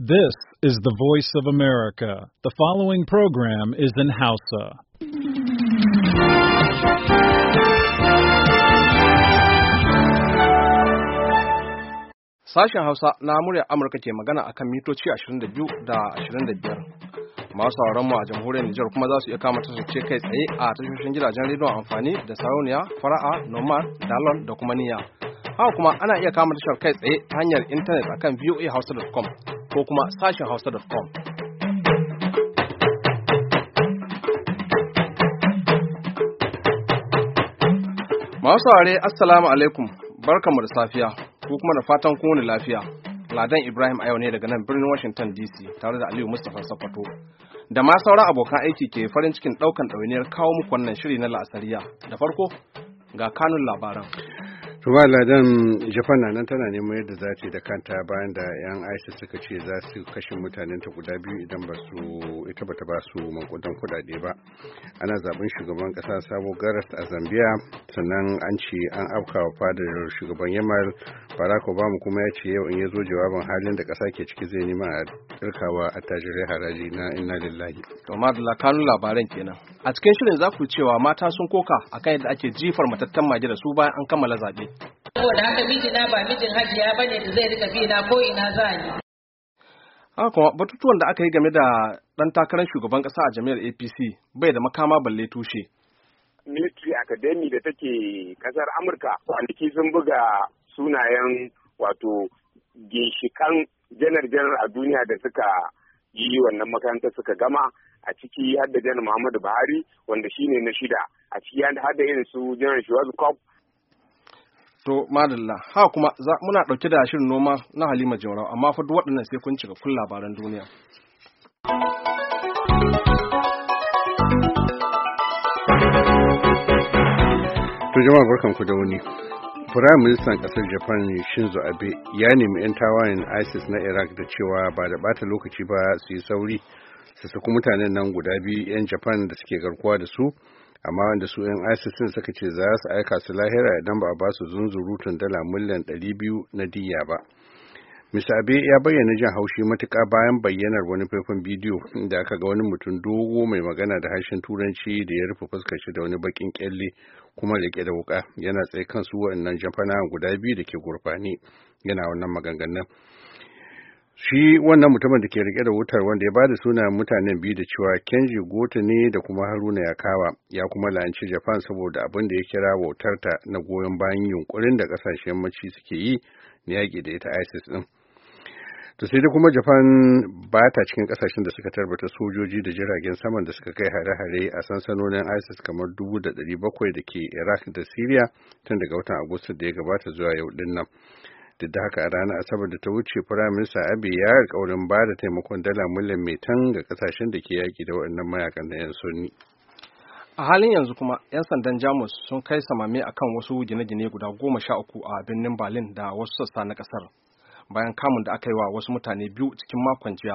This is the voice of America. The following program is in Hausa. Sashen Hausa na murya Amurka ke magana akan mitoci 22 da 25. Masu sauran mu a jamhuriyar Nijar kuma za su iya kama ce kai tsaye a tashoshin gidajen rediyon amfani da sarauniya, fara'a, nomad, dalon da kuma niyya. Haka kuma ana iya kama tashar kai tsaye ta hanyar intanet akan voahouse.com ko kuma sashen hausa.com. Masu saurare Assalamu alaikum barkanmu da safiya ko kuma da fatan kowane lafiya. Ladan Ibrahim a yau ne daga nan birnin Washington DC tare da Aliyu Mustapha Sokoto. Da ma sauran abokan aiki ke farin cikin ɗaukan ɗawainiyar kawo muku wannan shiri na la'asariya. Da farko ga kanun labaran. Tuma Ladan Japan na nan tana neman yadda za ta da kanta bayan da 'yan ISIS suka ce za su kashe mutanen ta guda biyu idan ba su ita bata ba su mankudan kudade ba. Ana zaben shugaban kasa Sabo Garas a Zambia sannan an ce an wa fadar shugaban Yamal Barack Obama kuma ya ce yau in ya zo jawabin halin da kasa ke ciki zai nema a tsirkawa attajirai haraji na inna lillahi. To madalla kanun labaran kenan. A cikin shirin za ku cewa mata sun koka akan yadda ake jifar matattan mage da su bayan an kammala zaɓe. saboda haka mijina ba mijin hajiya bane da zai rika bina ko ina za ni haka kuma batutuwan da aka yi game da ɗan takarar shugaban ƙasa a jami'ar APC bai da makama balle tushe military academy da take kasar Amurka kwanaki sun buga sunayen wato ginshikan janar-janar a duniya da suka yi wannan makaranta suka gama a ciki har da janar Muhammadu Buhari wanda shine na shida a ciki har da irin su janar Shuwazu Kof To madalla ha kuma muna ɗauke da shirin noma na Halima Jaurau amma fa duk waɗannan sai kun cika kun labaran duniya. To jama'a barkanku da wuni. Firayim Ministan ƙasar Japan Shinzo Abe ya nemi 'yan tawayen ISIS na Iraq da cewa ba da bata lokaci ba su yi sauri su saki mutanen nan guda biyu 'yan Japan da suke garkuwa da su amma wanda su 'yan isis suka ce za su aika su lahira idan ba a ba su zunzurutun dala miliyan 200 na diya ba misabe Abe ya bayyana jin haushi matuka bayan bayyanar wani faifan bidiyo da aka ga wani mutum dogo mai magana da harshen turanci da ya rufe fuskar shi da wani bakin kyalle kuma rike da wuka yana tsaye kan su wannan jamfana guda biyu da ke gurfani yana wannan maganganun. shi wannan mutumin da ke rike da wutar wanda ya ba da sunan mutanen biyu da cewa kenji gota ne da kuma haruna ya kawa ya kuma la'anci japan saboda abin da ya kira wautar ta na goyon bayan yunkurin da kasashen yammaci suke yi na yaƙi da ita isis din to sai da kuma japan ba ta cikin kasashen da suka tarbata sojoji da jiragen saman da suka kai hare-hare a sansanonin isis kamar dubu da ɗari bakwai da ke iraq da syria tun daga watan agusta da ya gabata zuwa yau din duk da haka a ranar asabar da ta wuce firaminista abe ya kaurin ba da taimakon dala miliyan metan ga kasashen da ke yaƙi da waɗannan mayakan na 'yan sunni a halin yanzu kuma 'yan sandan jamus sun kai samame akan wasu gine-gine guda goma sha uku a birnin berlin da wasu sassa na ƙasar, bayan kamun da aka yi wa wasu mutane biyu cikin makon jiya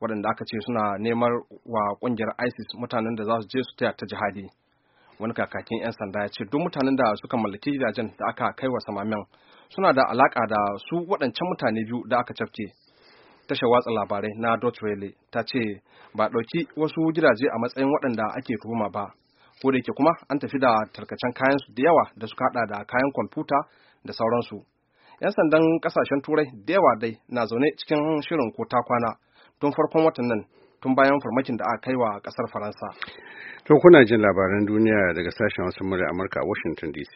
waɗanda aka ce suna neman wa ƙungiyar isis mutanen da za su je su taya ta jihadi wani kakakin 'yan sanda ya ce duk mutanen da suka mallaki gidajen da aka kai wa samamin suna da alaka da su waɗancan mutane biyu da aka cafke tashar watsa labarai na Deutsche Welle ta ce ba ɗauki wasu gidaje a matsayin waɗanda ake tuhuma ba ko da yake kuma an tafi da tarkacen kayan su da yawa da suka haɗa da kayan kwamfuta da sauransu yan sandan kasashen turai da yawa dai na zaune cikin shirin ko ta kwana don farkon watan nan tun bayan farmakin da aka kai wa kasar faransa to kuna jin labaran duniya daga sashen wasu murya amurka a washington dc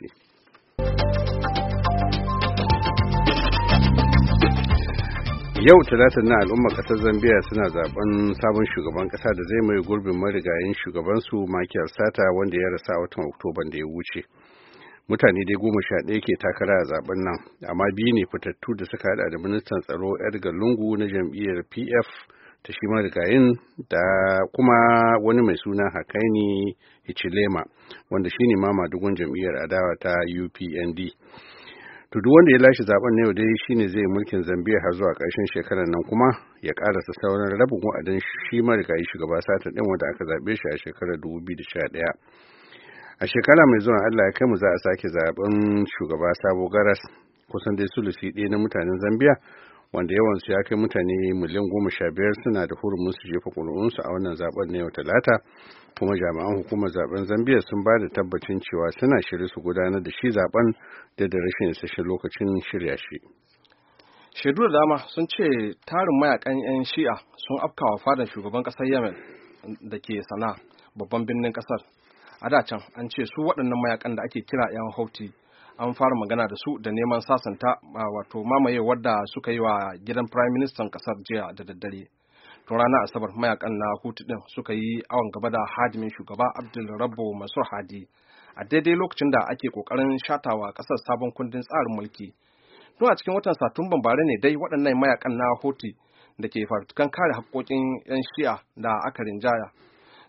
yau talatin na al'ummar kasar zambia suna zaben sabon shugaban ƙasa da zai mai gurbin marigayin shugabansu Michael sata wanda ya rasa watan oktoban da ya wuce mutane dai goma sha ɗaya ke takara a zaben nan amma biyu ne fitattu da suka haɗa da ministan tsaro edgar lungu na jam'iyyar pf ta shi marigayin da kuma wani mai suna hakaini hichilema wanda shi ne mama dugun jam'iyyar adawa ta upnd to duk wanda ya lashe zaben na yau dai shine zai mulkin zambia har zuwa ƙarshen shekarar nan kuma ya karasa sauran rabin wa'adin shi marigayi shugaba sata din wanda aka zaɓe shi a shekarar 2011 a shekara mai zuwa allah ya kai mu za a sake zaben shugaba sabo garas kusan dai sulusi ɗaya na mutanen zambia wanda yawansu ya kai mutane miliyan goma sha biyar suna da hurumin su jefa kuri'unsu a wannan zaben na yau talata kuma jami'an hukumar zaben zambia sun ba da tabbacin cewa suna shirye su gudanar da shi zaben da da rashin isasshen lokacin shirya shi shaidu da dama sun ce tarin mayakan 'yan shi'a sun afkawa fadar shugaban kasar yemen da ke sana babban birnin kasar a da can an ce su waɗannan mayakan da ake kira 'yan hauti an fara magana da su da neman sasanta wato mamaye wadda suka yi wa gidan prime minister kasar jiya da daddare To rana asabar mayakan na hutu din suka yi awon gaba da hadimin shugaba abdul rabbo masu hadi a daidai lokacin da ake kokarin shatawa kasar sabon kundin tsarin mulki tun a cikin watan satumban bare ne dai waɗannan mayakan na hoti da ke fartukan kare haƙƙoƙin 'yan shi'a da aka rinjaya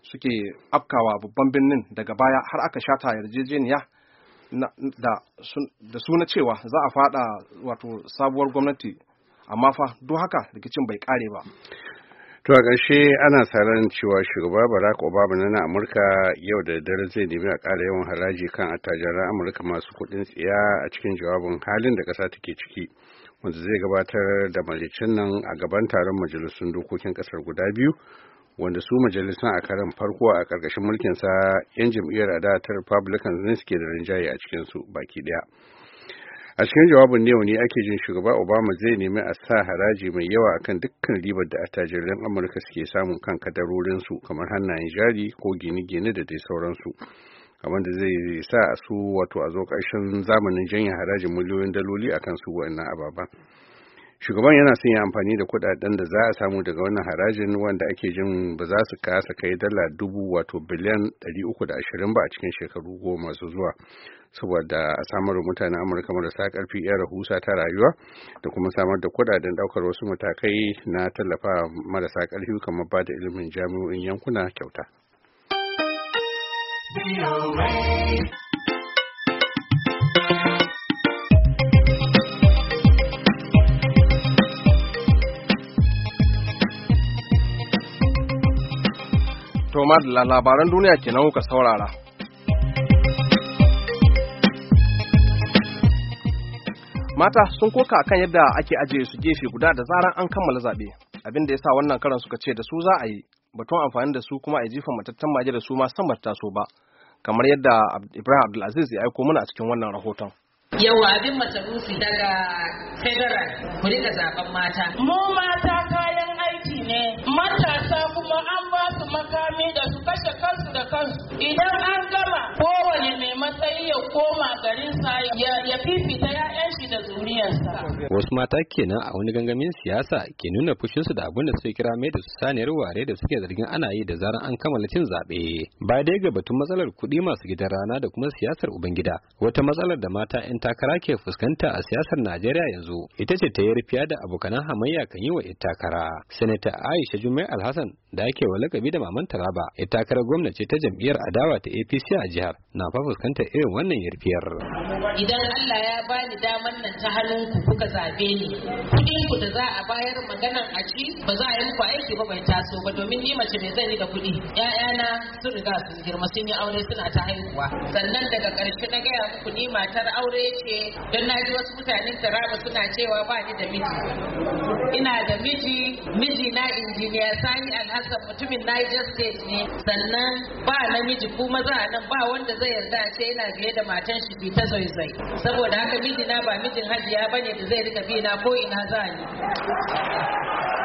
suke afkawa babban birnin daga baya har aka shata yarjejeniya da suna cewa za a fada wato sabuwar gwamnati amma fa duk haka rikicin bai kare ba to a ƙarshe ana ran cewa shugaba barack obama na amurka yau da dare zai nemi a ƙara yawan haraji kan attajiran amurka masu kuɗin tsiya a cikin jawabin halin da ƙasa take ciki wanda zai gabatar da malicin nan a gaban taron majalisun dokokin ƙasar guda biyu wanda su majalisan a karan farko a ƙarƙashin mulkinsa 'yan jam'iyyar ta republican ne suke da rinjaye a cikinsu baki ɗaya a cikin jawabin ne ake jin shugaba obama zai nemi a sa haraji mai yawa akan dukkan ribar da attajirin amurka suke samun kan kadarorinsu kamar hannayen jari ko gine-gine da dai sauransu kamar da zai sa a su wato a zo ƙarshen zamanin janye harajin miliyoyin daloli akan su wa'annan ababen shugaban yana son ya amfani da kudaden da za a samu daga wannan harajin wanda ake jin ba za su kasa kai dala dubu wato biliyan 320 ba a cikin shekaru goma su zuwa saboda a samar da mutanen amurka marasa karfi yan rahusa ta rayuwa da kuma samar da kudaden ɗaukar wasu matakai na tallafa marasa karfi kamar ba da ilimin jami'o'in yankuna kyauta To madalla labaran duniya kenan kuka saurara. Mata sun koka kan yadda ake ajiye su gefe guda da zaran an kammala zaɓe, abin da ya sa wannan karan suka ce da su za a yi, batun amfani da su kuma a jifan matattan maje da su ma san bata so ba, kamar yadda Ibrahim Abdulaziz ya aiko mana a cikin wannan rahoton. Yau abin matarufi daga federal ku rika zaɓen mata. Mu mata idan an gama kowane mai matsayi ya koma garinsa ya fifita Wasu mata kenan a wani gangamin siyasa ke nuna fushinsu da abin da suke kira mai da su saniyar ware da suke zargin ana yi da zaran an kammala cin zaɓe. Ba dai ga batun matsalar kuɗi masu gidan rana da kuma siyasar ubangida wata matsalar da mata 'yan takara ke fuskanta a siyasar Najeriya yanzu ita ce ta yarfiya da abokanan hamayya kan yi wa 'yan takara. Sanata Aisha Jumai Alhassan da ake wa lakabi da maman Taraba ita takarar gwamnati ta jam'iyyar adawa ta APC a jihar na fa fuskantar irin wannan yarfiyar. Idan Allah ya bani daman nan ta har ku kuka zabe ni kudin ku da za a bayar maganan a ci ba za a yi muku aiki ba bai taso ba domin ni mace ne zan da kuɗi ƴaƴana sun riga sun girma sun yi aure suna ta haihuwa sannan daga ƙarshe na gaya muku ni matar aure ce don na ji wasu mutanen taraba suna cewa ba ni da miji ina da miji miji na injiniya sani alhassan mutumin niger state ne sannan ba namiji ku maza a nan ba wanda zai yarda a ce yana biye da matan shi ta zai saboda haka miji na ba mijin hajiya ya bane da zai rika bina na ko ina za ni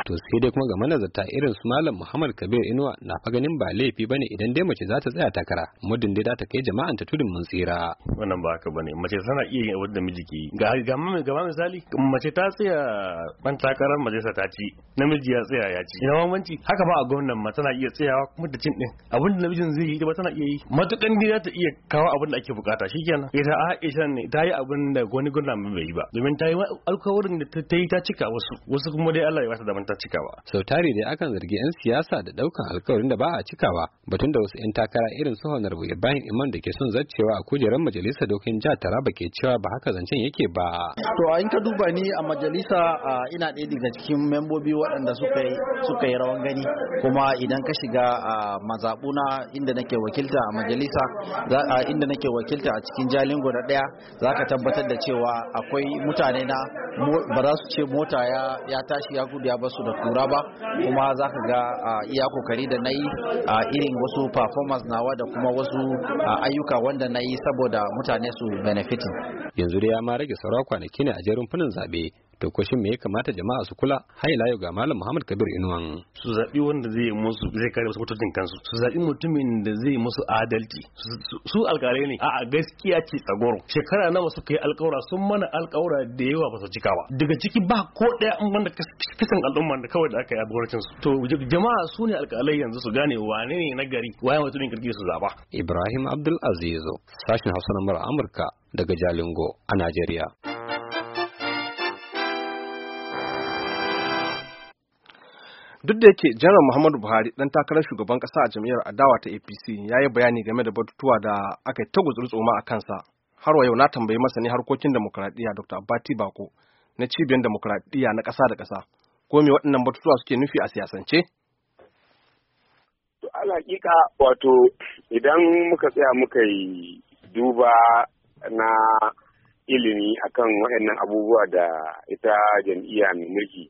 to sai dai kuma ga manazarta irin su malam muhammad kabir inuwa na fa ganin ba laifi bane idan dai mace za ta tsaya takara muddin dai za ta kai jama'an ta tudun mun tsira wannan ba haka bane mace tana iya yin abin da miji ke ga ga mai gaba misali mace ta tsaya ban takarar majalisa ta ci namiji ya tsaya ya ci ina wanci haka ba a gwamnan ma tana iya tsayawa kuma da cin din abin da namijin zai yi ba tana iya yi matukan dai za ta iya kawo abin da ake bukata shikenan ita Aisha ne ta yi abin da wani gwamnan bai yi ba domin ta yi alkawarin da ta yi ta cika wasu wasu kuma dai Allah ya ba ta daman ta cikawa sau tare dai akan zargi yan siyasa da daukan alkawarin da ba a cikawa batun da wasu yan takara irin su bu Ibrahim Imam da ke son zaccewa a kujerar majalisar dokin jihar Taraba ke cewa ba haka zancen yake ba to in ka duba ni a majalisa ina ɗaya daga cikin membobi waɗanda suka yi suka yi rawan gani kuma idan ka shiga a mazabuna inda nake wakilta a majalisa inda nake wakilta a cikin jalingo na ɗaya zaka tabbatar da cewa akwai mutane na ba za su ce mota ya tashi ya gudu ya basu da kura ba kuma za ka ga iya kokari da na yi a irin wasu performance nawa da kuma wasu ayyuka wanda na yi saboda mutane su benefitin yanzu dai ya ma rage sauran kwanaki ne a jerin funin zaɓe to ko shin me ya kamata jama'a su kula hai layo ga malam Muhammad Kabir Inuwan su zabi wanda zai musu zai kare musu mutuncin kansu su zabi mutumin da zai musu adalci su alkalai ne a'a gaskiya ce tsagoro shekara nawa suka yi alkawura sun mana alkawura da yawa ba su cika ba daga ciki ba ko daya an wanda kisan al'umma da kawai da aka yi a gwamnatin su to jama'a su ne alkalai yanzu su gane wane ne na gari waye mutumin kirki su zaba Ibrahim Abdul Aziz sashin Hausa na Amurka daga Jalingo a Najeriya duk da yake janar muhammadu buhari dan takarar shugaban kasa a jam'iyyar adawa ta apc ya yi bayani game da batutuwa da aka yi ta gutsurtsoma a kansa har wa yau na tambayi masa ne harkokin demokuraɗiyya dr abati bako na cibiyar demokuraɗiyya na kasa da kasa ko me waɗannan batutuwa suke nufi a siyasance hakika wato idan muka tsaya muka yi duba na ilimi akan waɗannan abubuwa da ita jam'iyya mai mulki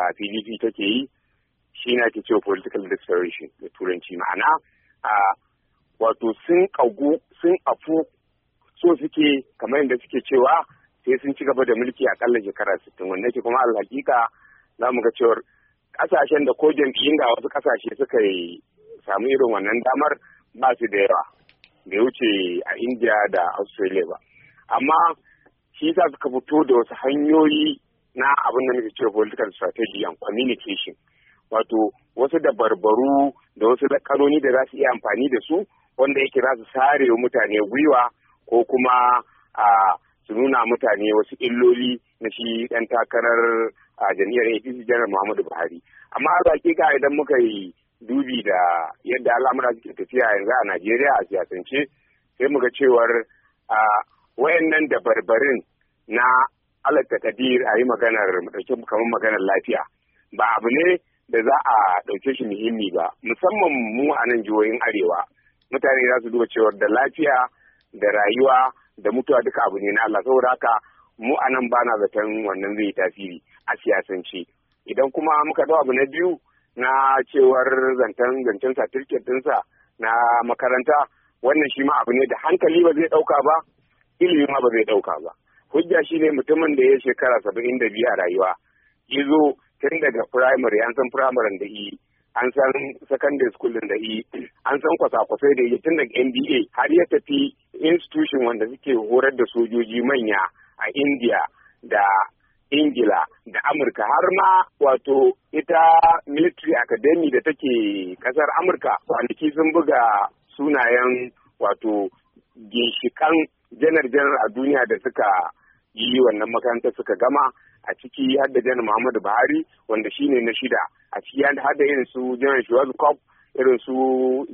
a pdp take yi shi na ke cewa political declaration da turanci ma'ana a wato sun kagu sun afu so suke kamar yadda suke cewa sai sun ci gaba da mulki a kalla shekara sittin wanda ke kuma alhakika za mu ga cewar kasashen da ko jam'iyyun ga wasu kasashe suka yi samu irin wannan damar ba su da yawa da wuce a india da australia ba amma shi za suka fito da wasu hanyoyi na abin da muke cewa political strategy and communication wato wasu dabarbaru da wasu kanoni da za su iya amfani da su wanda yake za su sare mutane gwiwa ko kuma a su nuna mutane wasu illoli na shi ɗan takarar a jami'ar APC janar Muhammadu Buhari. Amma a ka idan muka yi dubi da yadda al'amura suke tafiya yanzu a Najeriya a siyasance sai muga cewar a wayannan dabarbarin na alatta kadir a yi maganar kamar maganar lafiya ba abu ne da za a ɗauke shi muhimmi ba musamman mu a nan jihohin arewa mutane za su duba cewar da lafiya da rayuwa da mutuwa duka abu ne na Allah saboda haka mu a nan bana zaton wannan zai tasiri a siyasance idan kuma muka dau abu na biyu na cewar zancen zancen certificate sa na makaranta wannan shi ma abu ne da hankali ba zai ɗauka ba ilimi ma ba zai ɗauka ba hujja shine mutumin da ya shekara saba'in da biyu a rayuwa yazo. tun daga primary an san primary da yi e, an san secondary school da yi e, an san kwasa-kwasai da yi e, tun daga nba har ya tafi institution wanda suke horar da sojoji manya a india da ingila da amurka har ma wato ita military academy da take kasar amurka kwanaki sun buga sunayen wato ginshikan janar-janar a duniya da suka yi wannan makaranta suka gama a ciki har da janar muhammadu buhari wanda shi ne na shida a ciki har da irin su janar shuwazu kop irin su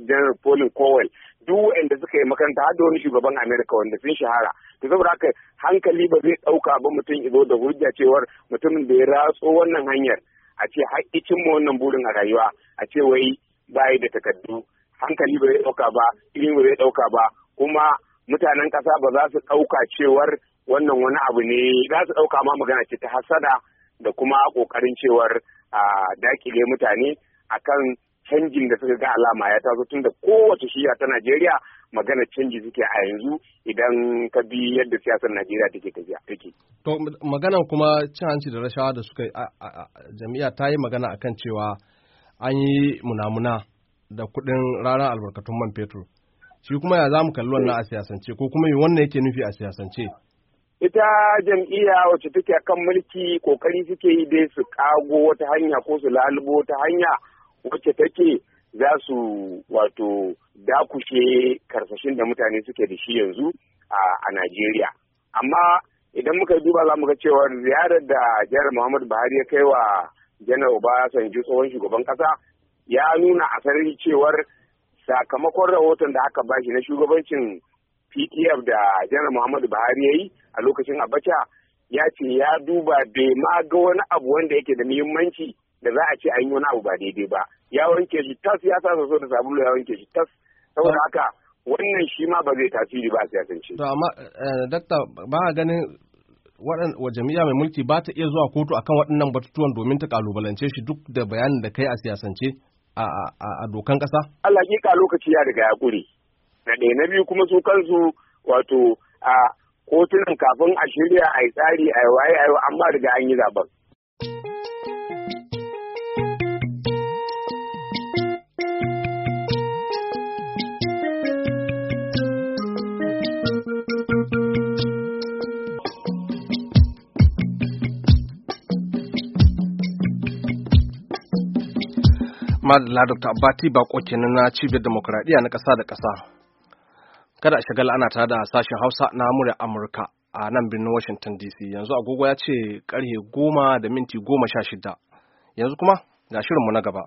janar polin kowal duk wanda suka yi makaranta har da wani shugaban amerika wanda sun shahara to saboda haka hankali ba zai ɗauka ba mutum izo da hujja cewar mutumin da ya ratso wannan hanyar a ce har mu wannan burin a rayuwa a ce wai bayi da takardu hankali ba zai ɗauka ba ilimi ba zai dauka ba kuma mutanen kasa ba za su ɗauka cewar wannan wani abu ne za su ɗauka ma magana ce ta hasada da kuma ƙoƙarin cewar a dakile mutane akan canjin da suka ga alama ya taso tun da kowace shiya ta Najeriya magana canji suke a yanzu idan ka bi yadda siyasar Najeriya take tafiya take. To maganan kuma cin hanci da rashawa da suka jami'a ta yi magana akan cewa an yi munamuna da kuɗin ranar albarkatun man fetur. Shi kuma ya za mu kalli wannan a siyasance ko kuma wannan yake nufi a siyasance? ita jam'iyya wacce take kan mulki kokari suke yi dai su kago wata hanya ko su lalubo wata hanya wacce take za su wato dakushe karsashin da mutane suke da shi yanzu a Najeriya. Amma idan muka duba za mu ga cewa ziyarar da jihar Muhammadu Buhari ya kai wa janar Obasanjo tsohon shugaban kasa ya nuna a sarari cewar sakamakon rahoton da aka bashi na shugabancin PTF da janar muhammadu buhari ya yi a lokacin abacha ya ce ya duba bai ma ga wani abu wanda yake da muhimmanci da za a ce an yi wani abu ba daidai ba ya wanke shi tas ya sa so da sabulu ya wanke shi tas saboda haka wannan shi ma ba zai tasiri ba a siyasance. to amma eh, dakta ba ganin wa jami'a mai mulki ba ta iya zuwa kotu akan waɗannan batutuwan domin ta kalubalance shi duk da bayanin da kai a siyasance a dokan ƙasa? Allah hakika lokaci ya riga ya ƙure. na ɗaya na biyu kuma su kansu wato a kotunan kafin a shirya a yi tsari a yi waye a amma riga an yi zaben. Madalla Dr. Abati Bako kenan na cibiyar demokuraɗiyya na ƙasa da ƙasa. kada a shagala ana tare da sashen hausa na murya amurka a nan birnin washington dc yanzu agogo ya ce karhe goma da minti goma sha shida yanzu kuma ga shirinmu na gaba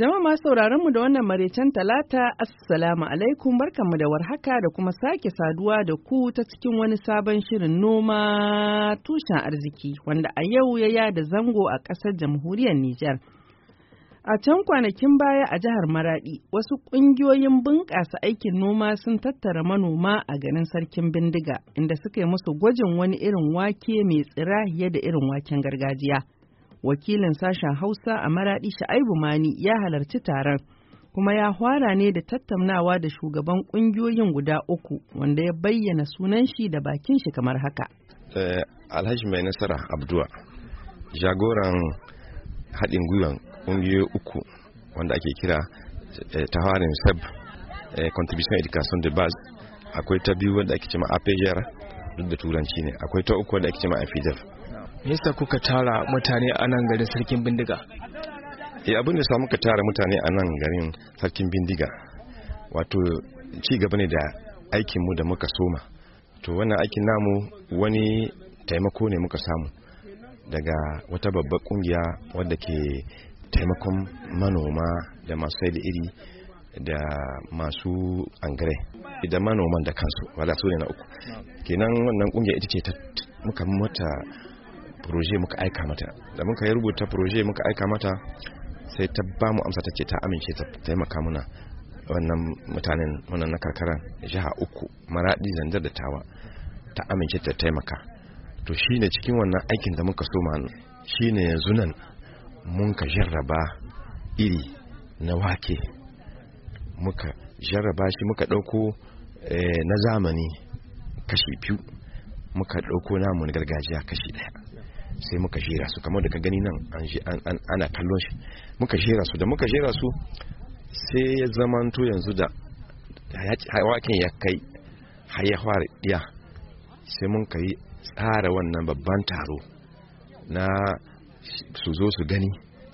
Jama'a masu sauraron mu da wannan maraicen talata assalamu alaikum barkanmu da warhaka da kuma sake saduwa da ku ta cikin wani sabon shirin noma tushen arziki wanda a yau ya yada zango a ƙasar jamhuriyar Nijar. A can kwanakin baya a jihar Maradi wasu ƙungiyoyin bunƙasa aikin noma sun tattara manoma a garin Sarkin Bindiga inda suka yi musu gwajin wani irin wake mai tsira da irin waken gargajiya. wakilin sashen Hausa a Maradi Sha'aibu Mani ya halarci taron kuma ya hwara ne da tattaunawa da shugaban ƙungiyoyin guda uku wanda ya bayyana sunan shi da bakin shi kamar haka. Eh, Alhaji mai nasara Abdua jagoran haɗin gwiwan ƙungiyoyi uku wanda ake kira eh, tawarin sab eh, contribution education de base akwai ta biyu wanda ake cema apejera duk da turanci ne akwai ta uku wanda ake cema afidef yasa kuka tara mutane a nan garin sarkin bindiga eh, abin da sa muka tara mutane a nan garin sarkin bindiga wato ci gaba ne da aikinmu da muka soma to wannan aikin namu wani taimako ne muka samu daga wata babbar kungiya wadda ke taimakon manoma da masu sai da iri da masu angare da manoman da kansu wala su ne na uku kenan wannan kungiya ita ce ta muka mata proje muka aika mata da muka yi rubuta proje muka aika mata sai ta ba mu amsa ta ce ta amince ta taimaka muna wannan mutanen wannan na karkara jiha uku maradi zanjar da tawa ta amince ta taimaka to shine cikin wannan aikin da muka so soma shine yanzu nan mun ka jarraba iri na wake muka jarraba shi muka dauko eh, na zamani kashi biyu muka dauko namu na gargajiya kashi ɗaya sai muka jera su kamar da ka gani nan ana kallon shi muka jera su da muka jera su sai ya zamanto yanzu da hawakin ya kai har ya fara iya sai mun kai tsara wannan babban taro na su zo su gani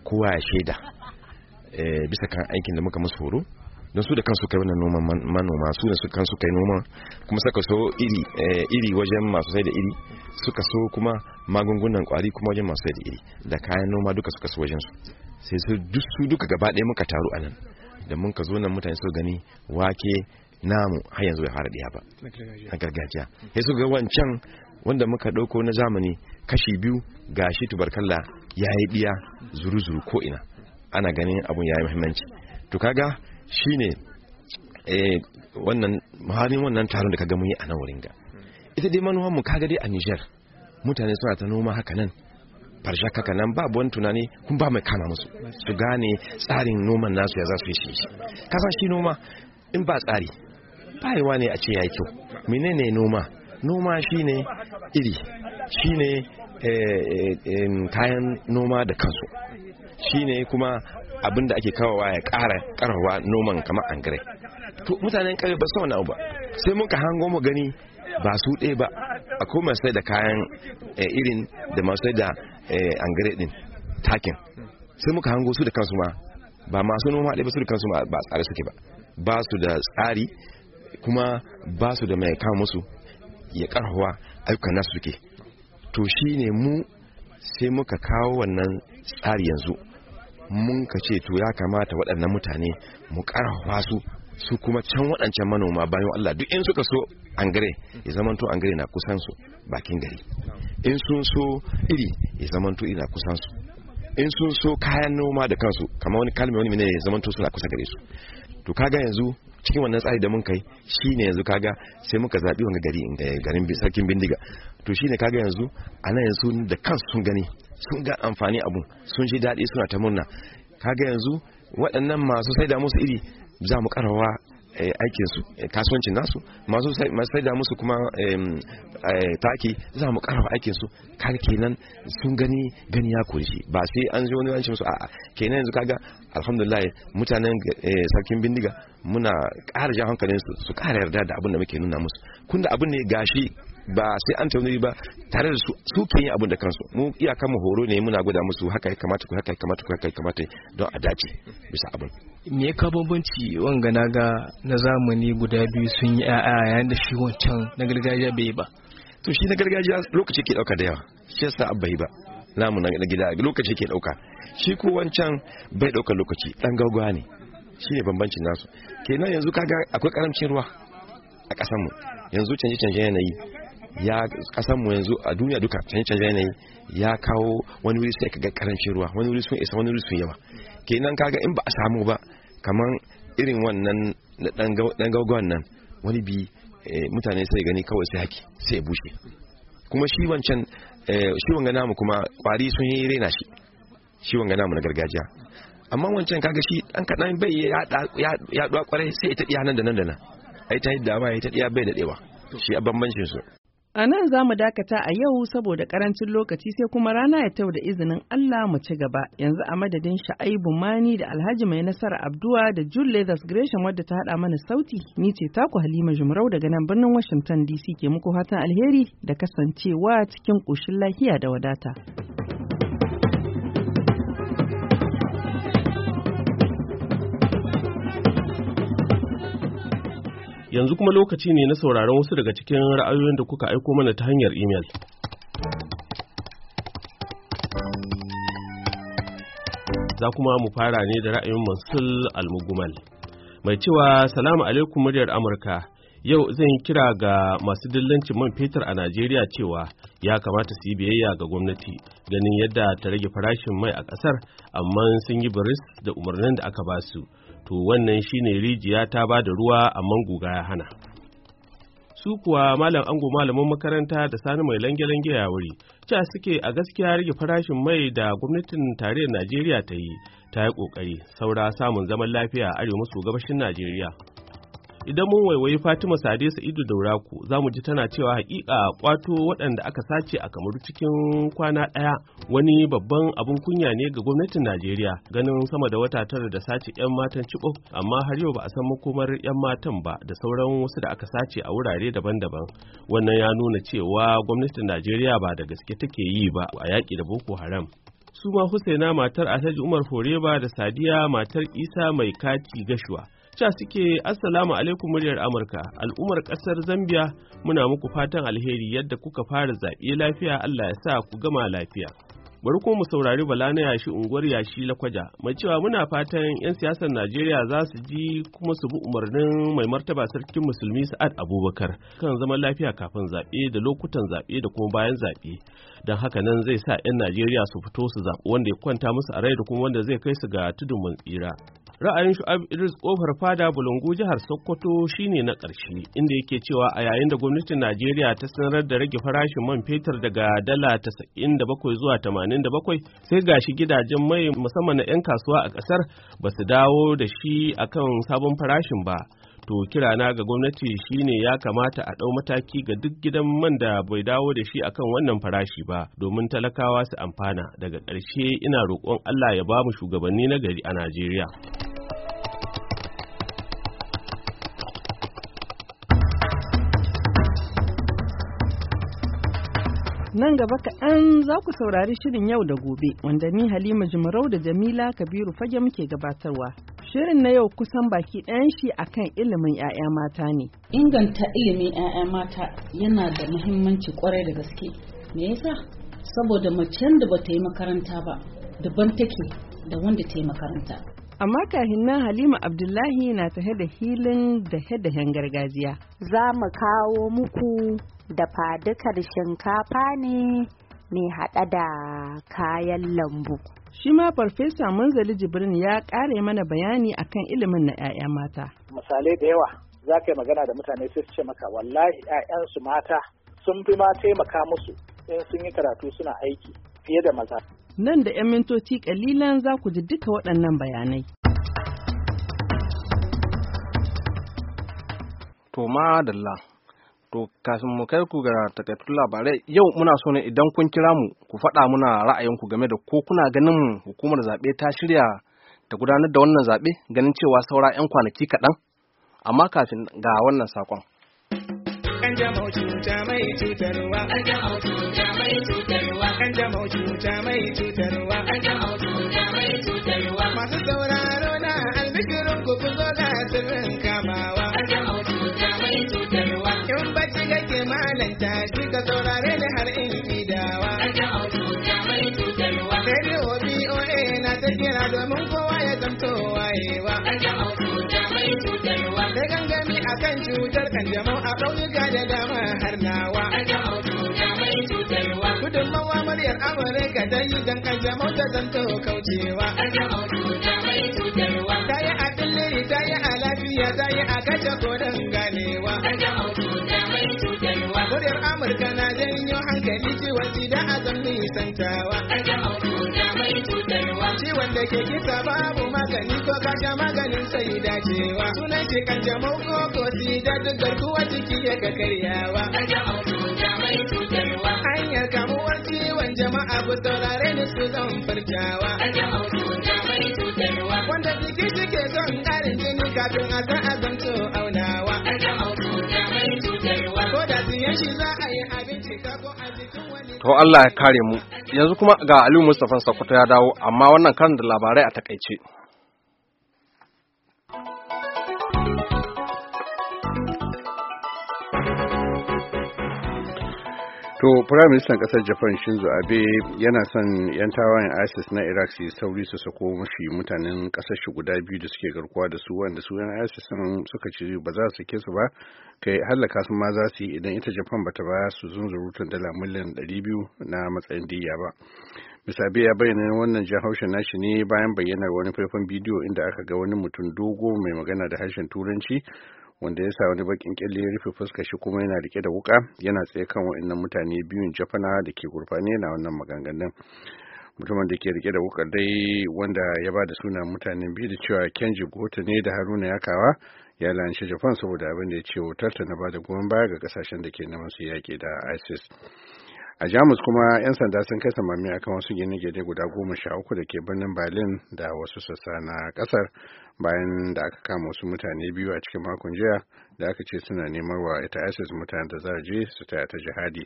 kowa ya shaida eh, bisa kan aikin da muka musu horo don su da kansu kai wannan noman manoma su da kansu kai noma kuma suka so eh, iri wajen masu sai da iri suka so kuma magungunan kwari kuma wajen masu sai da iri da kayan noma duka suka so wajen su sai su duk duka gaba ɗaya muka taru a nan da mun ka zo nan mutane su gani wake namu har yanzu bai fara ɗiya ba na gargajiya sai su ga wancan wanda muka ɗauko na zamani kashi biyu gashi tubarkalla ya yi biya zuru-zuru ko ina ana ganin abun ya yi muhimmanci to kaga shine eh wannan halin wannan taron da kaga mun yi a nan wurin ga ita dai manuwan mu kaga dai a Niger mutane suna ta noma haka nan farsha kaka nan babu wani tunani kun ba mai kama musu su gane tsarin noman nasu ya za su yi shi kasan shi noma in ba tsari bayewa ne a ce ya kyau menene noma noma shine iri shine eh, eh, eh, kayan noma da kansu shine kuma abin da ake kawowa ya ƙara ƙarfafa noman kamar angare to mutanen ƙauye ba su wani ba sai muka hango mu gani ba su ɗaya ba A koma sai da kayan eh, irin da masu sai da eh, angare din takin sai muka hango su da kansu ma ba masu noma ɗaya ba su da kansu ma ba tsare suke ba ba su da tsari kuma ba su da mai kawo musu ya karhuwa ayyukan nasu suke to shine mu sai muka kawo wannan tsari yanzu mun ka ce to ya kamata waɗannan mutane mu ƙarfafa su su kuma can waɗancan manoma bayan Allah duk in suka so angare ya zamanto angare na kusan su bakin gari in sun so iri ya zamanto iri na kusan su in sun so kayan noma da kansu kamar wani kalmi wani mene ya to suna kusa gare su to kaga yanzu cikin wannan tsari da mun kai shine yanzu kaga sai muka zabi wanga gari garin sarkin bindiga to shine kaga yanzu anan yanzu da kansu sun gani sun ga amfani abun sun ji daɗi suna ta murna kaga yanzu waɗannan masu sai saida musu iri za mu ƙarawa Eh, aikin su eh, kasuwancin nasu masu sai da musu kuma eh, taki za mu karfa aikin su kar kenan sun gani gani ya kunshi ba sai an ji wani wancin su a'a kenan yanzu kaga alhamdulillah mutanen sarkin bindiga muna ƙara jan hankalin su su ƙara yarda da abin da muke nuna musu kun da abin ne gashi ba sai an tauni ba tare da su su kan yi abin da kansu mu iya mu horo ne muna gwada musu haka ya kamata ku haka ya kamata ku haka ya kamata don a dace bisa abin me ya kawo bambanci wanga na ga na zamani guda biyu sun yi a'a yayin da shi wancan na gargajiya bai yi ba to shi na gargajiya lokaci ke dauka da yawa shi yasa abba yi ba namu na gida lokaci ke dauka shi ko wancan bai dauka lokaci dan gaggawa ne shi ne bambancin nasu kenan yanzu kaga akwai karamcin ruwa a kasanmu yanzu canje-canje yanayi ya kasan mu yanzu a duniya duka canje canje yanayi ya kawo wani wuri sai kaga karancin ruwa wani wuri sun isa wani wuri sun yawa kenan kaga in ba a samu ba kaman irin wannan dan gaugawan nan wani bi eh, mutane sai gani kawai sai haki sai ya bushe kuma shi wancan eh, shi wanga namu kuma kwari sun yi rena shi shi wanga namu na gargajiya amma wancan kaga shi dan kadan bai ya ya kwarai sai ta iya nan da nan da nan ai ta dama ma ta iya bai da dewa shi a bambancin su A nan za mu dakata a yau saboda karancin lokaci sai kuma rana ya tau da izinin Allah mu ci gaba yanzu a madadin sha'aibu mani da alhaji mai nasara abdua da June Leathers Gresham wadda ta haɗa mana sauti ni ce taku Halima Jumrau daga nan birnin Washington DC ke muku fatan alheri da kasancewa cikin ƙoshin lafiya da wadata. Yanzu kuma lokaci ne na sauraron wasu daga cikin ra'ayoyin da kuka aiko mana ta hanyar imel. Za kuma mu fara ne da ra'ayin Mansul Almugumal. Mai cewa Salamu alaikum muryar Amurka. Yau zan kira ga masu dillancin man fetur a Najeriya cewa ya kamata su yi biyayya ga gwamnati ganin yadda ta rage farashin mai a ƙasar amma sun yi baris da umarnin da aka basu. to wannan shine rijiya ta ba da ruwa amma guga ya hana su kuwa malam ango malamin makaranta da sani mai lange-lange ya wuri cewa suke a gaskiya rage farashin mai da gwamnatin tarayyar najeriya ta yi ta yi kokari saura samun zaman lafiya a arewa maso gabashin najeriya Idan mun waiwayi Fatima Sade Sa'idu Dauraku za mu ji tana cewa hakika kwato waɗanda aka sace a kamar cikin kwana ɗaya wani babban abun kunya ne ga gwamnatin Najeriya ganin sama da wata tara da sace ƴan matan ciko amma har yau ba a san makomar ƴan matan ba da sauran wasu da aka sace a wurare daban-daban. Wannan ya nuna cewa gwamnatin Najeriya ba da gaske take yi ba a yaƙi da Boko Haram. Suma Husaina matar Asaji Umar Horeba da Sadiya matar Isa mai kati gashuwa. Ca suke Assalamu alaikum muryar Amurka, al'ummar ƙasar Zambiya muna muku fatan alheri yadda kuka fara zaɓe lafiya Allah ya sa ku gama lafiya. Bari kuma mu saurari Bala na yashi unguwar yashi lakwaja, mai cewa muna fatan 'yan siyasar Najeriya za su ji kuma su bi umarnin mai martaba sarkin musulmi Sa'ad Abubakar kan zama lafiya kafin zaɓe da lokutan zaɓe da kuma bayan zaɓe. Don haka nan zai sa 'yan Najeriya su fito su zaɓi wanda ya kwanta musu a rai da kuma wanda zai kai su ga tudun mun tsira. Ra'ayin Shu'ab Idris kofar fada Bulungu jihar Sokoto shine na ƙarshe inda yake cewa a yayin da gwamnatin Najeriya ta sanar da rage farashin man fetur daga dala bakwai zuwa bakwai, sai gashi gidajen mai musamman na 'yan kasuwa a ƙasar ba su dawo da shi akan sabon farashin ba. to kirana ga gwamnati shine ya kamata a ɗau mataki ga duk gidan man da bai dawo da shi akan wannan farashi ba domin talakawa su amfana daga ƙarshe ina roƙon Allah ya ba mu shugabanni na gari a Najeriya. Nan gaba kaɗan za ku saurari shirin yau da gobe wanda ni Halima Jimarau da Jamila Kabiru fage muke gabatarwa. Shirin na yau kusan baki ɗayan shi akan ilimin 'ya'ya mata ne. Inganta ilimin 'ya'ya mata yana da muhimmanci kwarai da gaske. Me yasa? Saboda macen da bata yi makaranta ba, daban take da wanda ta yi makaranta. Amma kahin nan Halima Abdullahi na tahe da hilin da dahen gargajiya. Za mu kawo muku da fadukar shinkafa ne mai haɗa da kayan lambu. Shi ma Farfesa Munzali Jibrin ya ƙare mana bayani akan ilimin na 'ya'ya mata. Misalai da yawa za ka yi magana da mutane sai su ce maka wallahi 'ya'yansu mata sun fi ma taimaka musu in sun yi karatu suna aiki fiye da maza. Nan da 'yan mintoci kalilan za ku ji duka waɗannan bayanai. To ma To kafin mu kai ku ga takaitun labarai yau muna so ne idan kun kira mu ku faɗa muna ra'ayinku game da ko kuna ganin hukumar zaɓe ta shirya ta gudanar da wannan zaɓe ganin cewa saura 'yan kwanaki kaɗan amma kafin ga wannan saƙon. Kanjamau cuta mai cutarwa. mai cutarwa. mai cutarwa. kan cutar kanjamau a ƙauyuka da dama har nawa. Gudunmawa muryar Amurka ta yi don kanjamau ta zanto kaucewa. Ta yi a tsilliri, ta yi a lafiya, ta yi a kashe koren ganewa. Muryar Amurka na janyo hankali ciwon sida a zan nisantawa. ciwon da ke kisa babu magani ko kaja maganin sai dacewa sunan kan kanjamau ko ko da dukkan kuwa jiki ya ga karyawa cutarwa hanyar kamuwar ciwon jama'a ku saurare ni su zan furtawa wanda jiki shi ke son karin jini kafin a sa a zanto auna To Allah ya kare mu, yanzu kuma ga Aliyu Mustapha Sokoto ya dawo, amma wannan karin da labarai a takaice. to firaministan kasar japan shinzo abe yana son yan tawayen isis na iraq su sauri su sako mashi mutanen kasar shi guda biyu da suke garkuwa da su wanda su yan isis sun suka ci ba za su su ba kai halaka su ma za su yi idan ita japan bata ba su zunzurutun dala miliyan 200 na matsayin diya ba abe ya bayyana wannan haushin nashi ne bayan bayyana wani faifan bidiyo inda aka ga wani mutum dogo mai magana da harshen turanci wanda ya sa wani bakin kyalle ya rufe fuska shi kuma yana rike da wuka yana tsaye kan wa'annan mutane biyun jafana da ke gurfane na wannan maganganun mutumin da ke rike da wukar dai wanda ya ba da sunan mutanen biyu da cewa kenji goto ne da haruna yakawa ya lanci japan saboda abin da ya ce wutar ta na bada da goyon baya ga kasashen da ke neman su yaƙi da isis a jamus kuma 'yan sanda sun kai samami akan wasu gine-gine guda goma sha uku da ke birnin berlin da wasu sassa na kasar bayan da aka kama wasu mutane biyu a cikin makon jiya da aka ce suna neman wa ita isis mutane da za je su taya ta jihadi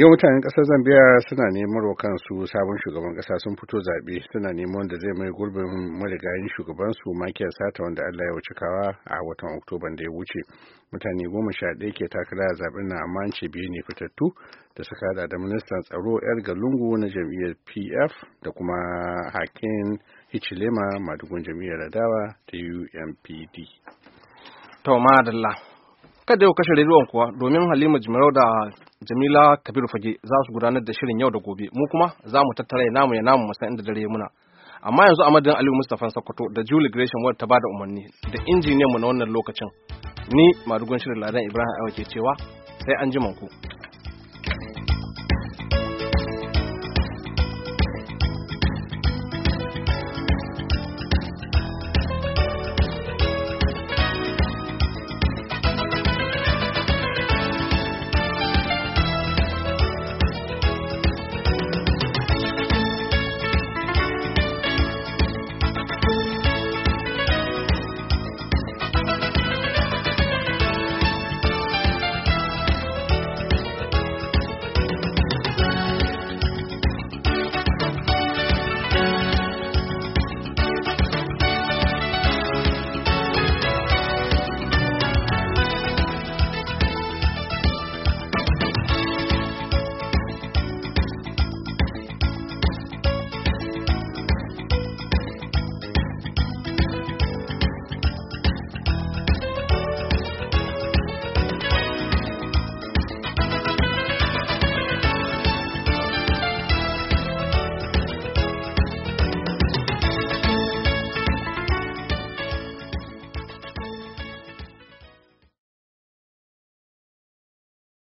yau mutanen ƙasar zambia suna neman kansu sabon shugaban ƙasa sun fito zaɓe suna neman da zai mai gurbin marigayin shugabansu su makiyar sata wanda allah ya wuce kawa a watan oktoban da ya wuce mutane goma sha ɗaya ke takara a zaɓen na amma an ce biyu ne fitattu da suka hada da ministan tsaro yar galungu na jam'iyyar pf da kuma hakin hichilema madugun jam'iyyar adawa ta umpd. to kada yau kashe rediyon kuwa domin halima jimarau da jamila kabiru fage za su gudanar da shirin yau da gobe mu kuma za mu tattara ya namu ya namu musan inda dare muna amma yanzu a madadin aliyu mustapha sokoto da julie gresham wadda ta ba da umarni da mu na wannan lokacin ni madugon shirin ladan ibrahim awa ke cewa sai an ji ku.